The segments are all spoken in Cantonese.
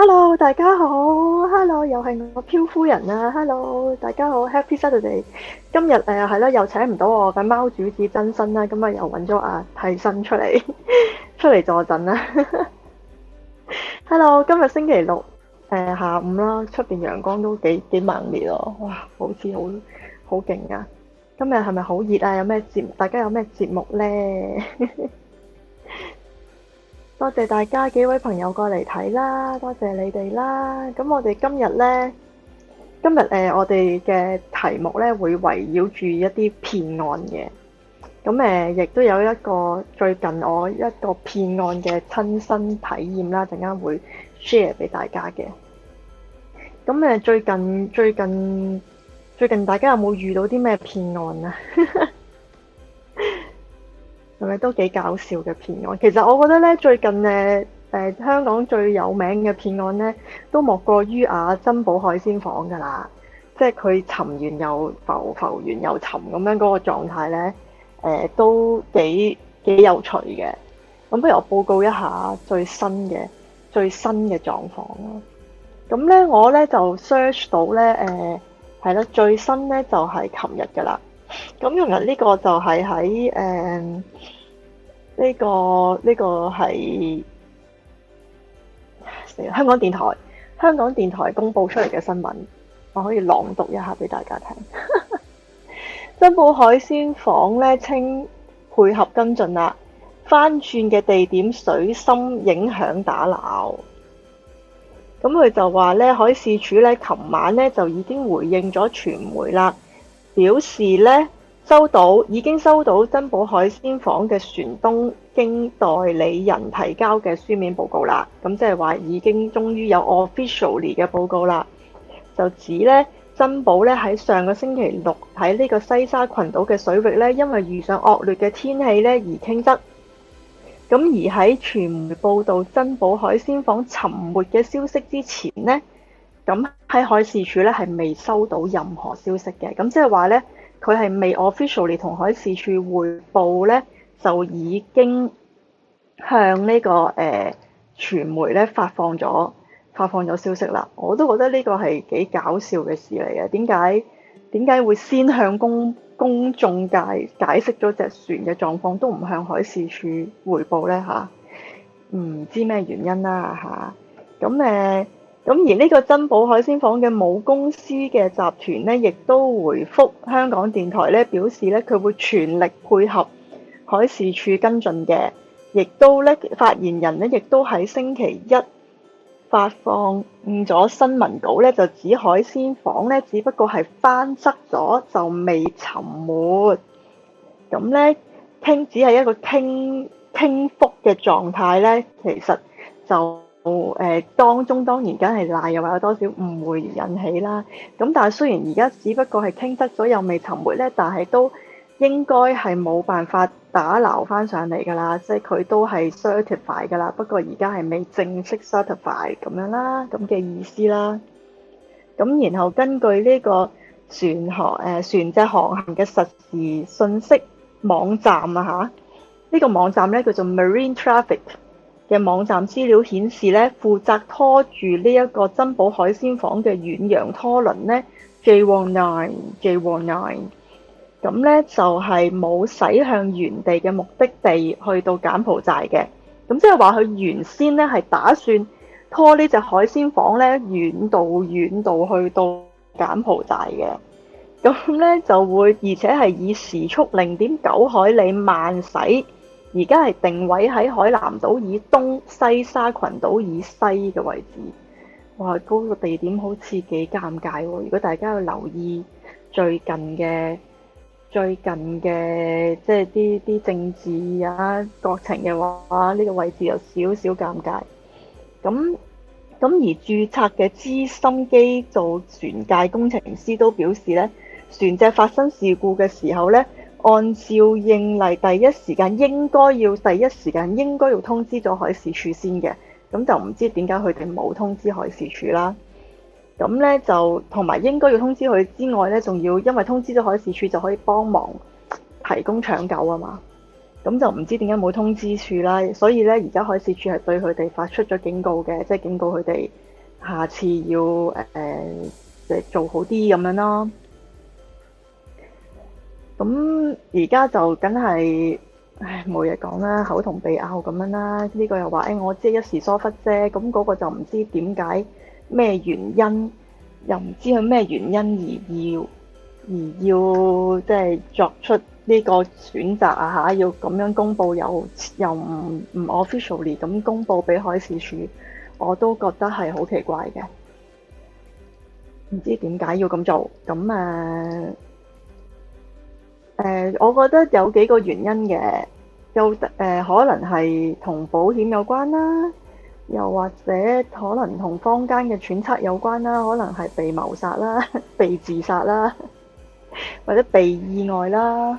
Hello，大家好。Hello，又係我漂夫人啊。Hello，大家好。Happy Saturday。今日誒係啦，又請唔到我嘅貓主子真身啦，今日又揾咗阿替身出嚟出嚟坐陣啦。 Hello，今日星期六誒、呃、下午啦，出邊陽光都幾幾猛烈哦、啊。哇，好似好好勁啊。今日係咪好熱啊？有咩節？大家有咩節目呢？ 多謝大家幾位朋友過嚟睇啦，多謝你哋啦。咁我哋今日呢，今日誒、呃，我哋嘅題目呢，會圍繞住一啲騙案嘅。咁誒，亦、呃、都有一個最近我一個騙案嘅親身體驗啦，陣間會 share 俾大家嘅。咁誒，最近最近最近大家有冇遇到啲咩騙案啊？ 係咪都幾搞笑嘅騙案？其實我覺得咧，最近呢，誒、呃、香港最有名嘅騙案咧，都莫過於啊珍寶海鮮舫噶啦，即係佢沉完又浮，浮完又沉咁樣嗰個狀態咧，誒、呃、都幾幾有趣嘅。咁不如我報告一下最新嘅最新嘅狀況啦。咁咧我咧就 search 到咧，誒係啦，最新咧就係琴日噶啦。呃咁今日呢個就係喺誒呢個呢個係香港電台，香港電台公布出嚟嘅新聞，我可以朗讀一下俾大家聽。珍寶海鮮舫咧，稱配合跟進啦，翻轉嘅地點水深影響打撈。咁佢就話咧，海事處咧，琴晚咧就已經回應咗傳媒啦。表示呢，收到，已經收到珍寶海鮮舫嘅船東經代理人提交嘅書面報告啦。咁即係話已經終於有 officially 嘅報告啦。就指呢，珍寶呢喺上個星期六喺呢個西沙群島嘅水域呢，因為遇上惡劣嘅天氣呢，而傾側。咁而喺傳媒報導珍寶海鮮舫沉沒嘅消息之前呢。咁喺海事處咧，係未收到任何消息嘅。咁即係話咧，佢係未 officially 同海事處匯報咧，就已經向呢、這個誒、呃、傳媒咧發放咗發放咗消息啦。我都覺得呢個係幾搞笑嘅事嚟嘅。點解點解會先向公公眾界解釋咗隻船嘅狀況，都唔向海事處匯報咧？嚇、啊，唔知咩原因啦嚇。咁、啊、誒。咁而呢個珍寶海鮮舫嘅母公司嘅集團呢，亦都回覆香港電台咧，表示呢佢會全力配合海事處跟進嘅，亦都呢，發言人呢，亦都喺星期一發放咗新聞稿呢，就指海鮮舫呢，只不過係翻側咗就未沉沒，咁呢，傾只係一個傾傾覆嘅狀態呢，其實就。誒、哦，當中當然梗係賴又話有多少誤會引起啦，咁但係雖然而家只不過係傾得咗又未沉沒呢，但係都應該係冇辦法打撈翻上嚟噶啦，即係佢都係 certify 噶啦，不過而家係未正式 certify 咁樣啦，咁嘅意思啦。咁然後根據呢個船航誒、呃、船隻航行嘅實時信息網站啊吓，呢、這個網站呢叫做 Marine Traffic。嘅網站資料顯示咧，負責拖住呢一個珍寶海鮮舫嘅遠洋拖輪咧，J One Nine J One Nine，咁咧就係、是、冇駛向原地嘅目的地去到柬埔寨嘅，咁即係話佢原先咧係打算拖呢隻海鮮舫咧遠度遠度去到柬埔寨嘅，咁咧就會而且係以時速零點九海里慢駛。而家係定位喺海南島以東、西沙群島以西嘅位置，哇！嗰個地點好似幾尷尬喎。如果大家要留意最近嘅最近嘅即係啲啲政治啊國情嘅話，呢個位置有少少尷尬。咁咁而註冊嘅資深機造船界工程師都表示呢船隻發生事故嘅時候呢。按照應例，第一時間應該要第一時間應該要通知咗海事處先嘅，咁就唔知點解佢哋冇通知海事處啦。咁呢，就同埋應該要通知佢之外呢，仲要因為通知咗海事處就可以幫忙提供搶救啊嘛。咁就唔知點解冇通知處啦。所以呢，而家海事處係對佢哋發出咗警告嘅，即係警告佢哋下次要、呃、做好啲咁樣咯。咁而家就梗係，唉，冇嘢講啦，口同鼻拗咁樣啦。呢個又話，誒，我只係一時疏忽啫。咁嗰個就唔知點解咩原因，又唔知係咩原因而要而要即係作出呢個選擇啊！嚇，要咁樣公佈又又唔唔 officially 咁公佈俾海事處，我都覺得係好奇怪嘅，唔知點解要咁做咁啊！誒、呃，我覺得有幾個原因嘅，又誒、呃，可能係同保險有關啦，又或者可能同坊間嘅揣測有關啦，可能係被謀殺啦，被自殺啦，或者被意外啦，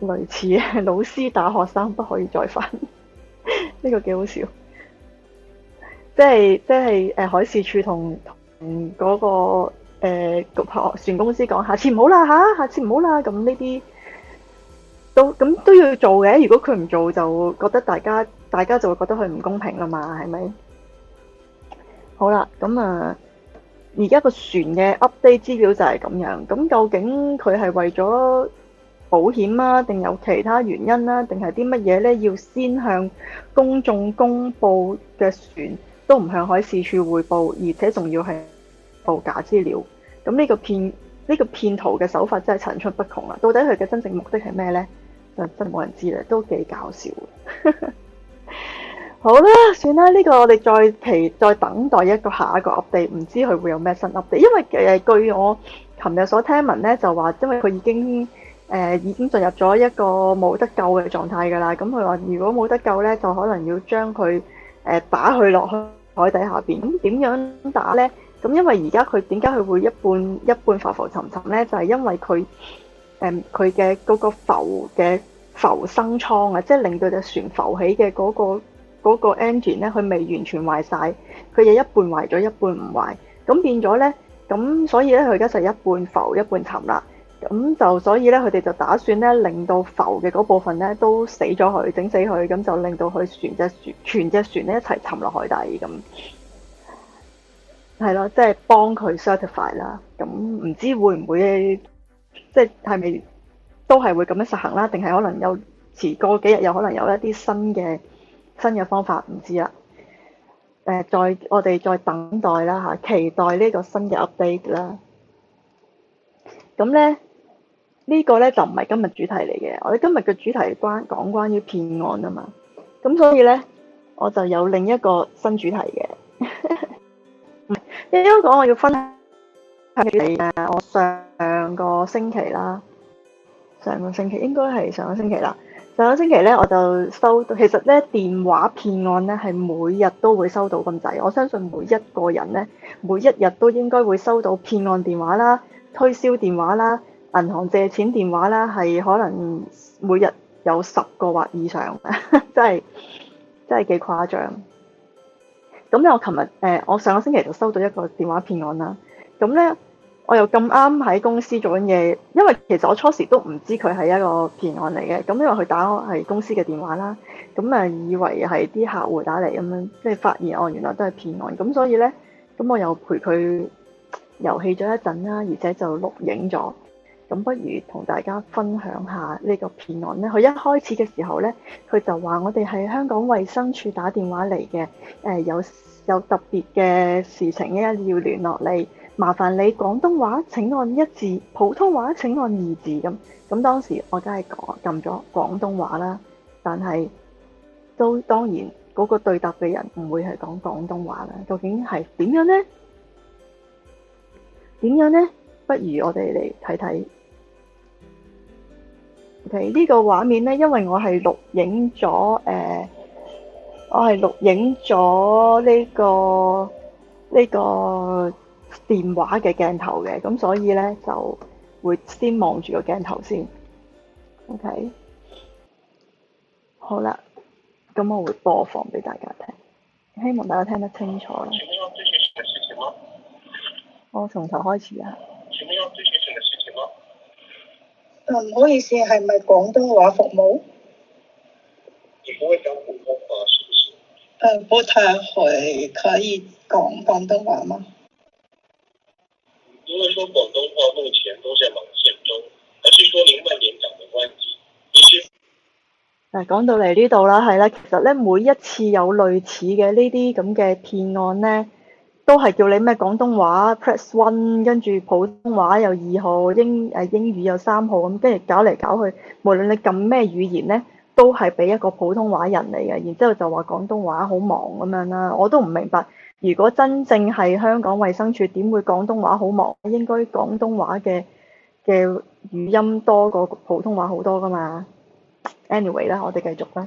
類似老師打學生不可以再犯，呢 個幾好笑，即係即係誒，海事處同同嗰個。誒、呃，船公司講下次唔好啦吓，下次唔好啦，咁呢啲都咁都要做嘅。如果佢唔做，就覺得大家大家就會覺得佢唔公平啦嘛，係咪？好啦，咁啊，而家個船嘅 update 資料就係咁樣。咁究竟佢係為咗保險啊，定有其他原因啊？定係啲乜嘢呢？要先向公眾公布嘅船都唔向海事處匯報，而且仲要係。造假資料，咁呢個騙呢、呢個騙徒嘅手法真係層出不窮啦！到底佢嘅真正目的係咩呢？真冇人知咧，都幾搞笑。 好啦，算啦，呢、呢個我哋再期再等待一個下一個 update，唔知佢會有咩新 update。因為誒、呃、據我琴日所聽聞呢，就話因為佢已經誒、呃、已經進入咗一個冇得救嘅狀態㗎啦。咁佢話如果冇得救呢，就可能要將佢誒、呃、打去落去海底下邊。咁點樣打呢？咁因為而家佢點解佢會一半一半浮浮沉沉咧？就係因為佢誒佢嘅嗰個浮嘅浮生艙啊，即係令到隻船浮起嘅嗰個嗰個 engine 咧，佢未完全壞晒，佢又一半壞咗，一半唔壞，咁變咗咧，咁所以咧佢而家就一半浮一半沉啦。咁就所以咧，佢哋就打算咧令到浮嘅嗰部分咧都死咗佢，整死佢，咁就令到佢船隻船全隻船咧一齊沉落海底咁。係咯，即係幫佢 certify 啦。咁、嗯、唔知會唔會，即係係咪都係會咁樣實行啦？定係可能有遲過幾日，有可能有一啲新嘅新嘅方法，唔知啦。誒、呃，再我哋再等待啦吓，期待呢個新嘅 update 啦。咁咧呢、呢個咧就唔係今日主題嚟嘅。我哋今日嘅主題關講關於騙案啊嘛。咁所以咧我就有另一個新主題嘅。 應該講我要分享，我上個星期啦，上個星期應該係上個星期啦。上個星期呢，我就收到，其實呢電話騙案呢係每日都會收到咁滯。我相信每一個人呢，每一日都應該會收到騙案電話啦、推銷電話啦、銀行借錢電話啦，係可能每日有十個或以上，呵呵，真係真係幾誇張。咁呢，我琴日誒，我上個星期就收到一個電話騙案啦。咁咧，我又咁啱喺公司做緊嘢，因為其實我初時都唔知佢係一個騙案嚟嘅。咁因為佢打我係公司嘅電話啦，咁啊以為係啲客戶打嚟咁樣，即係發現哦，原來都係騙案。咁所以咧，咁我又陪佢遊戲咗一陣啦，而且就錄影咗。咁不如同大家分享一下呢個片段呢。咧。佢一開始嘅時候呢，佢就話：我哋係香港衛生署打電話嚟嘅。誒、呃、有有特別嘅事情呢，一要聯絡你，麻煩你廣東話請按一字，普通話請按二字咁。咁當時我真係講撳咗廣東話啦，但係都當然嗰、那個對答嘅人唔會係講廣東話啦。究竟係點樣呢？點樣呢？不如我哋嚟睇睇。呢、okay，個畫面呢，因為我係錄影咗誒、呃，我係錄影咗呢、呢個呢、呢個電話嘅鏡頭嘅，咁所以呢，就會先望住個鏡頭先。OK，好啦，咁我會播放俾大家聽，希望大家聽得清楚。我、哦、從頭開始啊！唔、嗯、好意思，係咪廣東話服務？你不會講廣東話，是不是？誒、嗯，不太會可以講廣東話嗎？因為說廣東話目前都在忙線中，還是說您慢點講得關係？嗱，講到嚟呢度啦，係啦，其實咧每一次有類似嘅呢啲咁嘅騙案咧。都係叫你咩廣東話 press one，跟住普通話又二號，英誒英語又三號咁，跟住搞嚟搞去，無論你撳咩語言呢，都係俾一個普通話人嚟嘅。然之後就話廣東話好忙咁樣啦，我都唔明白。如果真正係香港衛生署，點會廣東話好忙？應該廣東話嘅嘅語音多過普通話好多㗎嘛？Anyway 啦，我哋繼續啦。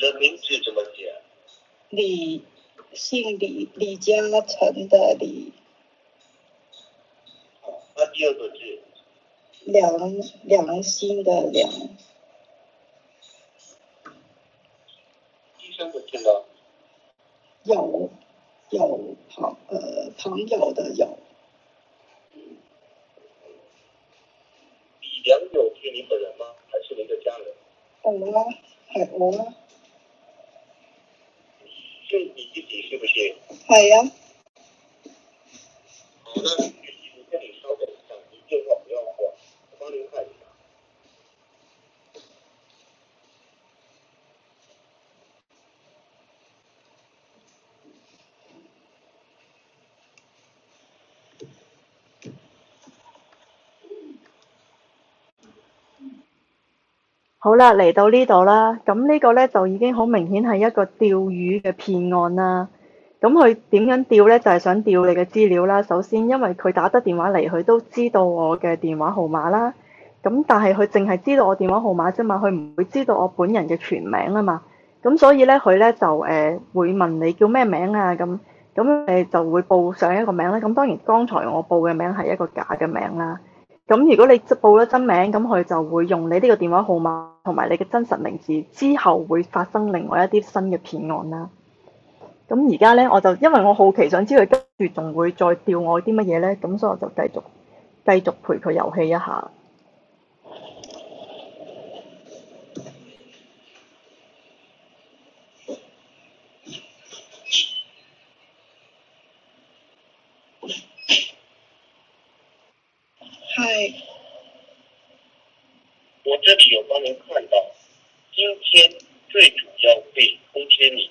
的名字怎麼寫？李，姓李，李嘉誠的李。好，那第二個字。梁，良心的良。第三個字呢？友，友朋，呃，朋友的友。李良友是您本人嗎？還是您的家人？哦。麼、哎哦係啊。好啦，嚟到呢度啦，咁呢個咧就已經好明顯係一個釣魚嘅騙案啦。咁佢點樣釣呢？就係、是、想釣你嘅資料啦。首先，因為佢打得電話嚟，佢都知道我嘅電話號碼啦。咁但係佢淨係知道我電話號碼啫嘛，佢唔會知道我本人嘅全名啊嘛。咁所以呢，佢呢就誒、呃、會問你叫咩名啊？咁咁就會報上一個名啦。咁當然，剛才我報嘅名係一個假嘅名啦。咁如果你報咗真名，咁佢就會用你呢個電話號碼同埋你嘅真實名字，之後會發生另外一啲新嘅騙案啦。咁而家呢，我就因為我好奇想知佢跟住仲會再釣我啲乜嘢呢？咁所以我就繼續繼續陪佢遊戲一下。Hi，我這裏有幫您看到，今天最主要被偷貼你。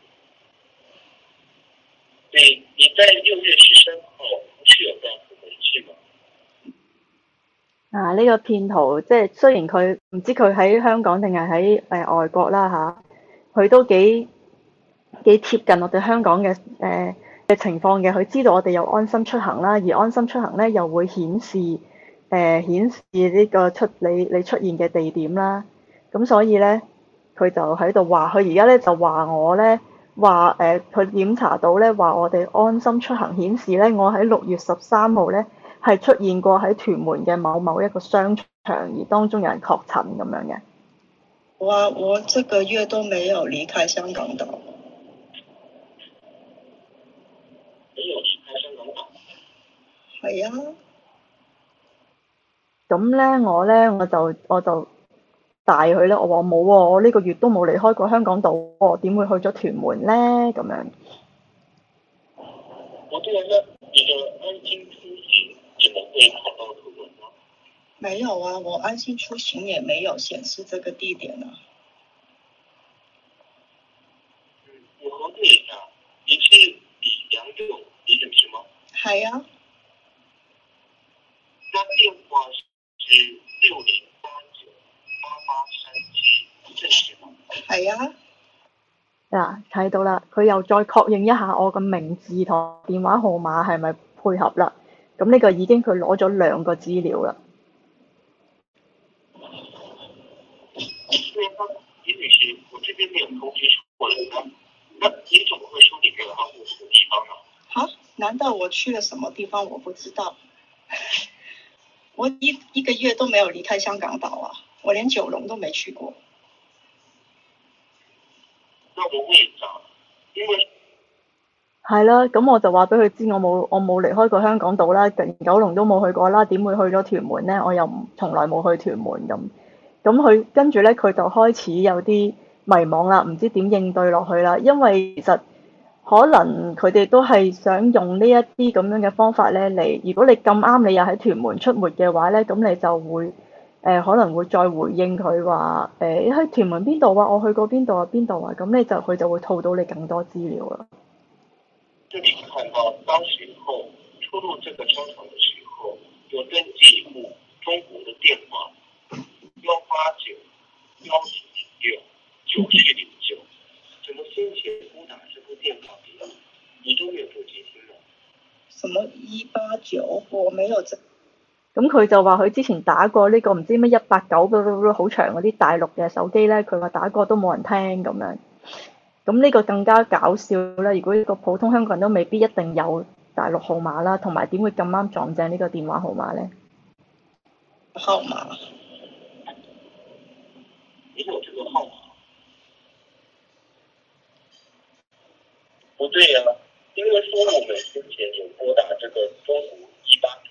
你你在六月十三號去咗邊度？啊，呢個騙徒即係雖然佢唔知佢喺香港定係喺誒外國啦吓，佢都幾幾貼近我哋香港嘅誒嘅情況嘅。佢知道我哋有安心出行啦，而安心出行咧又會顯示誒、呃、顯示呢個出你你出現嘅地點啦。咁所以咧，佢就喺度話，佢而家咧就話我咧。話誒，佢檢、呃、查到咧，話我哋安心出行顯示咧，我喺六月十三號咧係出現過喺屯門嘅某某一個商場，而當中有人確診咁樣嘅。我我這個月都沒有離開香港的。沒有離開香港的。係啊。咁咧，我咧我就我就。我就帶佢啦，我話冇喎，我呢個月都冇離開過香港島，點會去咗屯門呢？咁樣。沒有啊，我安心出行也沒有顯示這個地點啊。嗯，我確認一下，以前李江總，李總是嗎？係啊。睇到啦，佢又再確認一下我嘅名字同電話號碼係咪配合啦。咁呢個已經佢攞咗兩個資料啦。好，啊，難道我去了什麼地方我不知道？我一一個月都沒有離開香港島啊，我連九龍都沒去過。冇，係啦，咁我就話俾佢知，我冇我冇離開過香港島啦，連九龍都冇去過啦，點會去咗屯門呢？我又唔從來冇去屯門咁，咁佢跟住咧，佢就開始有啲迷茫啦，唔知點應對落去啦。因為其實可能佢哋都係想用呢一啲咁樣嘅方法咧，嚟，如果你咁啱你又喺屯門出沒嘅話咧，咁你就會。誒、呃、可能會再回應佢話，你喺屯門邊度啊，我去過邊度啊，邊度啊，咁你就佢就會套到你更多資料了。這裏看到當時候出入這個商場的時候，有登記一部中國的電話幺八九幺九九七零九，怎麼先前撥打這部電話的，你都沒有接聽過？什麼一八九？我沒有這。咁佢就話佢之前打過呢個唔知咩一八九嗰好長嗰啲大陸嘅手機咧，佢話打過都冇人聽咁樣。咁呢個更加搞笑啦！如果呢個普通香港人都未必一定有大陸號碼啦，同埋點會咁啱撞正呢個電話號碼咧？號碼？你有這個號碼？不對呀、啊，因為說我們之前有撥打這個中華一八。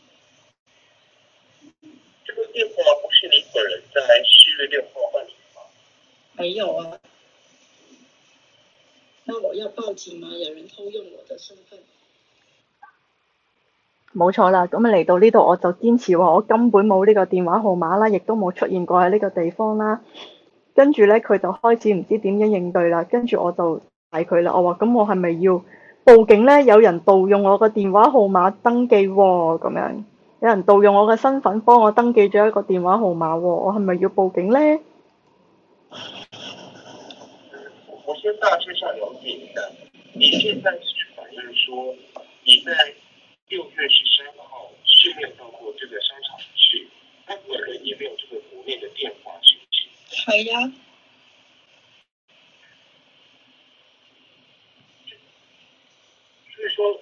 電話不是你本人在七月六號辦理嗎？沒有啊，那我要報警嗎？有人偷用我的身份？冇錯啦，咁嚟到呢度我就堅持話我根本冇呢個電話號碼啦，亦都冇出現過喺呢個地方啦。跟住咧，佢就開始唔知點樣應對啦。跟住我就睇佢啦，我話咁我係咪要報警咧？有人盜用我個電話號碼登記喎？咁樣。有人盜用我嘅身份幫我登記咗一個電話號碼喎、哦，我係咪要報警呢？我先大致上了解一下，你現在是反映說你在六月十三號沒有到過這個商場去，那本人亦沒有這個屋內嘅電話，係唔係？係啊。所以說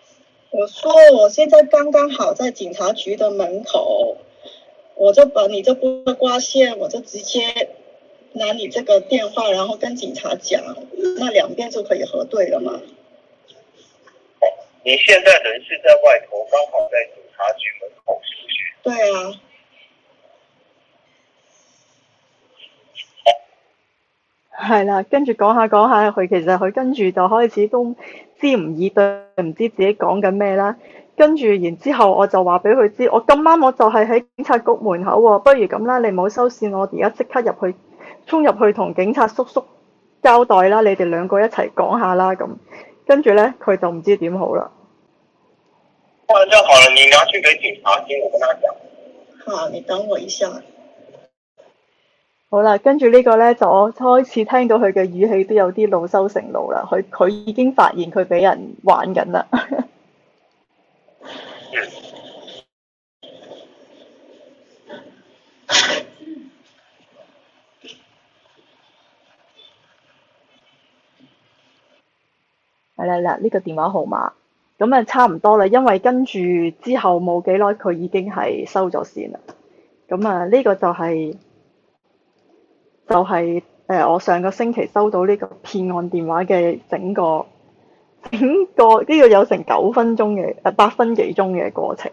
我說，我現在剛剛好在警察局的門口，我就把你這部掛線，我就直接拿你這個電話，然後跟警察講，那兩邊就可以核對了嘛。哦，你現在人是在外頭，剛好在警察局門口是不是。對啊。係啦，跟住講下講下佢，佢其實佢跟住就開始都知唔以對，唔知自己講緊咩啦。跟住然之後我告訴他，我就話俾佢知，我咁啱我就係喺警察局門口喎。不如咁啦，你唔好收線我，我而家即刻入去，衝入去同警察叔叔交代啦。你哋兩個一齊講下啦，咁跟住咧，佢就唔知點好啦。好，你等我一下。好啦，跟住呢個咧，就我開始聽到佢嘅語氣都有啲惱羞成怒啦。佢佢已經發現佢俾人玩緊啦。係啦啦，呢個電話號碼，咁啊差唔多啦。因為跟住之後冇幾耐，佢已經係收咗綫啦。咁啊，呢、這個就係、是。就係、是、誒、呃，我上個星期收到呢個騙案電話嘅整個整個呢、這個有成九分鐘嘅誒八分幾鐘嘅過程。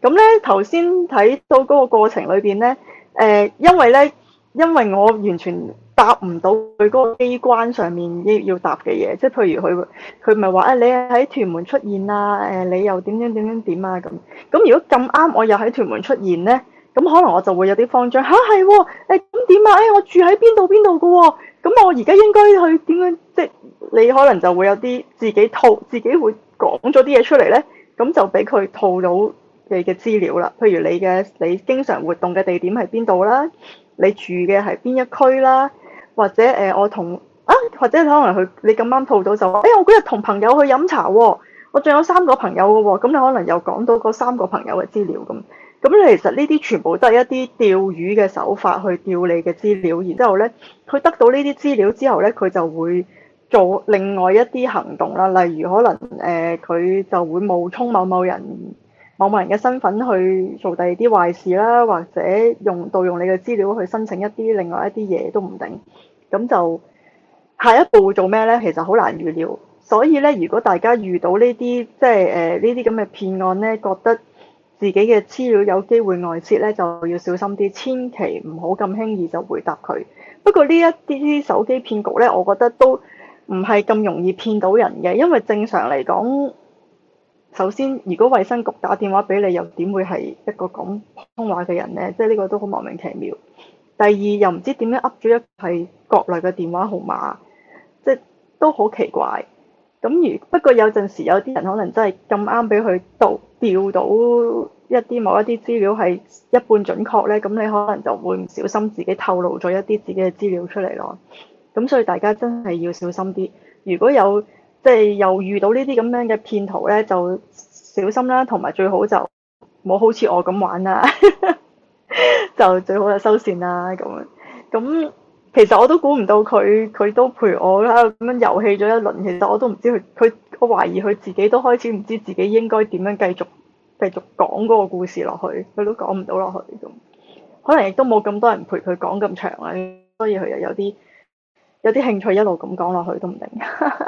咁咧頭先睇到嗰個過程裏邊咧，誒、呃，因為咧，因為我完全答唔到佢嗰個機關上面要要答嘅嘢，即係譬如佢佢唔係話啊，你喺屯門出現啊，誒、呃，你又點樣點樣點啊咁。咁如果咁啱我又喺屯門出現咧？咁、嗯、可能我就會有啲慌張嚇係喎，誒咁點啊？誒、哦啊、我住喺邊度邊度嘅喎，咁、哦嗯、我而家應該去點樣？即係你可能就會有啲自己套，自己會講咗啲嘢出嚟咧，咁、嗯、就俾佢套到你嘅資料啦。譬如你嘅你經常活動嘅地點係邊度啦，你住嘅係邊一區啦，或者誒、呃、我同啊，或者可能佢你咁啱套到就誒我嗰日同朋友去飲茶喎、哦，我仲有三個朋友嘅喎、哦，咁、嗯、你可能又講到嗰三個朋友嘅資料咁。嗯咁其實呢啲全部都係一啲釣魚嘅手法去釣你嘅資料，然之後呢，佢得到呢啲資料之後呢，佢就會做另外一啲行動啦。例如可能誒，佢、呃、就會冒充某某人、某某人嘅身份去做第二啲壞事啦，或者用盜用你嘅資料去申請一啲另外一啲嘢都唔定。咁就下一步做咩呢？其實好難預料。所以呢，如果大家遇到呢啲即係誒呢啲咁嘅騙案呢，覺得自己嘅資料有機會外泄咧，就要小心啲，千祈唔好咁輕易就回答佢。不過呢一啲手機騙局咧，我覺得都唔係咁容易騙到人嘅，因為正常嚟講，首先如果衛生局打電話俾你，又點會係一個咁普通話嘅人呢？即係呢個都好莫名其妙。第二又唔知點樣噏咗一係國內嘅電話號碼，即都好奇怪。咁如不過有陣時有啲人可能真係咁啱俾佢釣，釣到一啲某一啲資料係一半準確呢，咁你可能就會唔小心自己透露咗一啲自己嘅資料出嚟咯。咁所以大家真係要小心啲。如果有即係、就是、又遇到呢啲咁樣嘅騙徒呢，就小心啦，同埋最好就冇好似我咁玩啦， 就最好就收線啦咁樣咁。其實我都估唔到佢，佢都陪我啦，咁樣遊戲咗一輪。其實我都唔知佢，佢我懷疑佢自己都開始唔知道自己應該點樣繼續繼續講嗰個故事落去，佢都講唔到落去。咁可能亦都冇咁多人陪佢講咁長啦，所以佢又有啲有啲興趣一路咁講落去都唔定。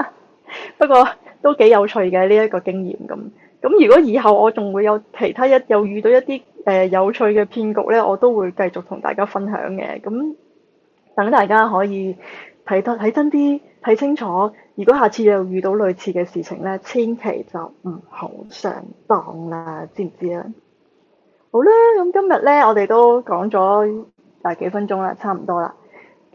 不過都幾有趣嘅呢一個經驗咁。咁如果以後我仲會有其他一又遇到一啲誒、呃、有趣嘅騙局咧，我都會繼續同大家分享嘅。咁。等大家可以睇得睇真啲，睇清楚。如果下次又遇到類似嘅事情咧，千祈就唔好上當啦，知唔知啊？好啦，咁今日咧，我哋都講咗大幾分鐘啦，差唔多啦。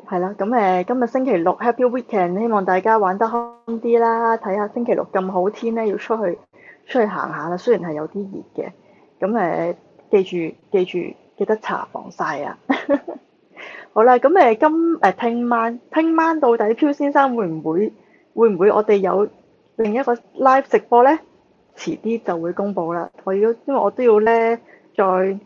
係啦，咁誒，今日星期六，Happy Weekend，希望大家玩得開啲啦。睇下星期六咁好天咧，要出去出去行下啦。雖然係有啲熱嘅，咁誒，記住記住記得搽防曬啊！ 好啦，咁咪今誒聽、呃、晚，聽晚到底漂先生會唔會會唔會我哋有另一個 live 直播呢？遲啲就會公佈啦。我要因為我都要咧再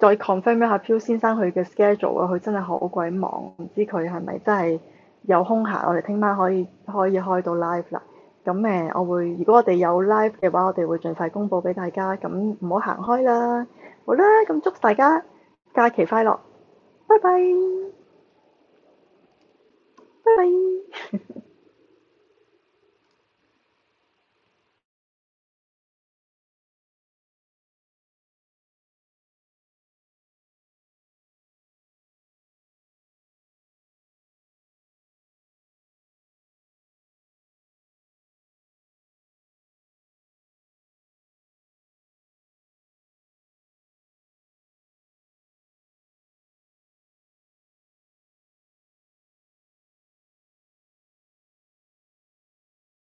再 confirm 一下漂先生佢嘅 schedule 啊，佢真係好鬼忙，唔知佢係咪真係有空閒，我哋聽晚可以可以開到 live 啦。咁咪我會如果我哋有 live 嘅話，我哋會盡快公佈俾大家。咁唔好行開啦。好啦，咁祝大家假期快樂。拜拜，拜拜。